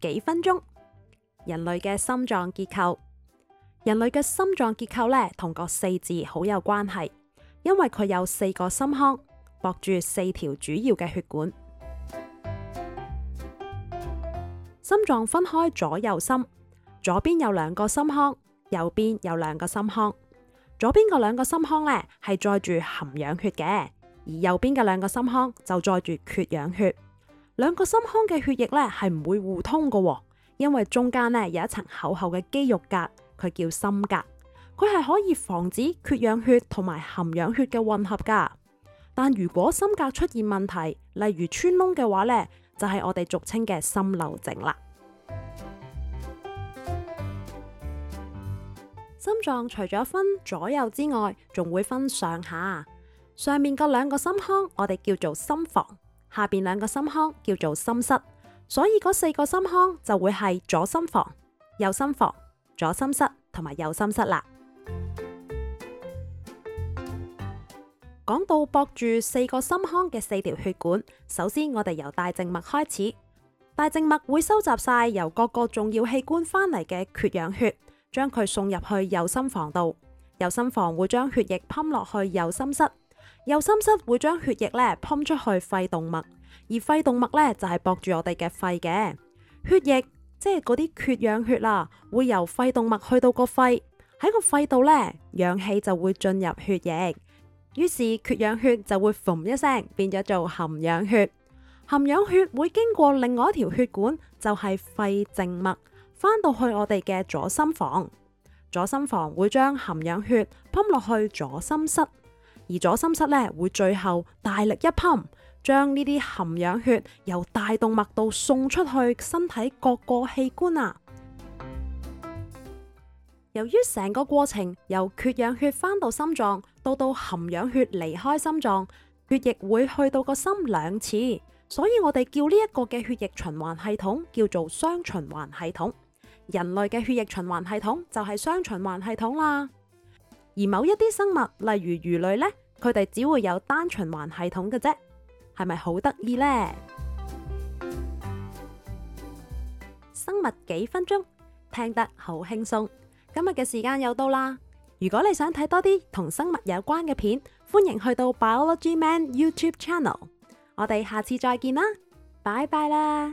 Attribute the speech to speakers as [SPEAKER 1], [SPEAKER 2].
[SPEAKER 1] 幾分鐘，人類嘅心臟結構，人類嘅心臟結構咧，同個四字好有關係，因為佢有四個心腔，駁住四條主要嘅血管。心臟分開左右心，左邊有兩個心腔，右邊有兩個心腔。左邊嗰兩個心腔咧係載住含氧血嘅，而右邊嘅兩個心腔就載住缺氧血。兩個心腔嘅血液咧係唔會互通噶，因為中間咧有一層厚厚嘅肌肉隔，佢叫心隔，佢係可以防止缺氧血同埋含氧血嘅混合噶。但如果心隔出現問題，例如穿窿嘅話呢，就係、是、我哋俗稱嘅心漏症啦。心臟除咗分左右之外，仲會分上下，上面嗰兩個心腔我哋叫做心房。下邊兩個心腔叫做心室，所以嗰四個心腔就會係左心房、右心房、左心室同埋右心室啦。講到駁住四個心腔嘅四條血管，首先我哋由大靜脈開始，大靜脈會收集晒由各個重要器官返嚟嘅缺氧血，將佢送入去右心房度，右心房會將血液噴落去右心室。右心室會將血液咧泵出去肺動脈，而肺動脈咧就係駁住我哋嘅肺嘅血液，即係嗰啲缺氧血啦、啊，會由肺動脈去到個肺，喺個肺度呢，氧氣就會進入血液，於是缺氧血就會嘭一聲變咗做含氧血，含氧血會經過另外一條血管，就係、是、肺靜脈，返到去我哋嘅左心房，左心房會將含氧血泵落去左心室。而左心室咧會最後大力一噴，將呢啲含氧血由大動脈度送出去身體各個器官啊。由於成個過程由缺氧血返到心臟，到到含氧血離開心臟，血液會去到個心兩次，所以我哋叫呢一個嘅血液循環系統叫做雙循環系統。人類嘅血液循環系統就係、是、雙循環系統啦。而某一啲生物，例如魚類呢，佢哋只會有單循環系統嘅啫，係咪好得意呢？生物幾分鐘，聽得好輕鬆，今日嘅時間又到啦。如果你想睇多啲同生物有關嘅片，歡迎去到 Biology Man YouTube channel。我哋下次再見啦，拜拜啦。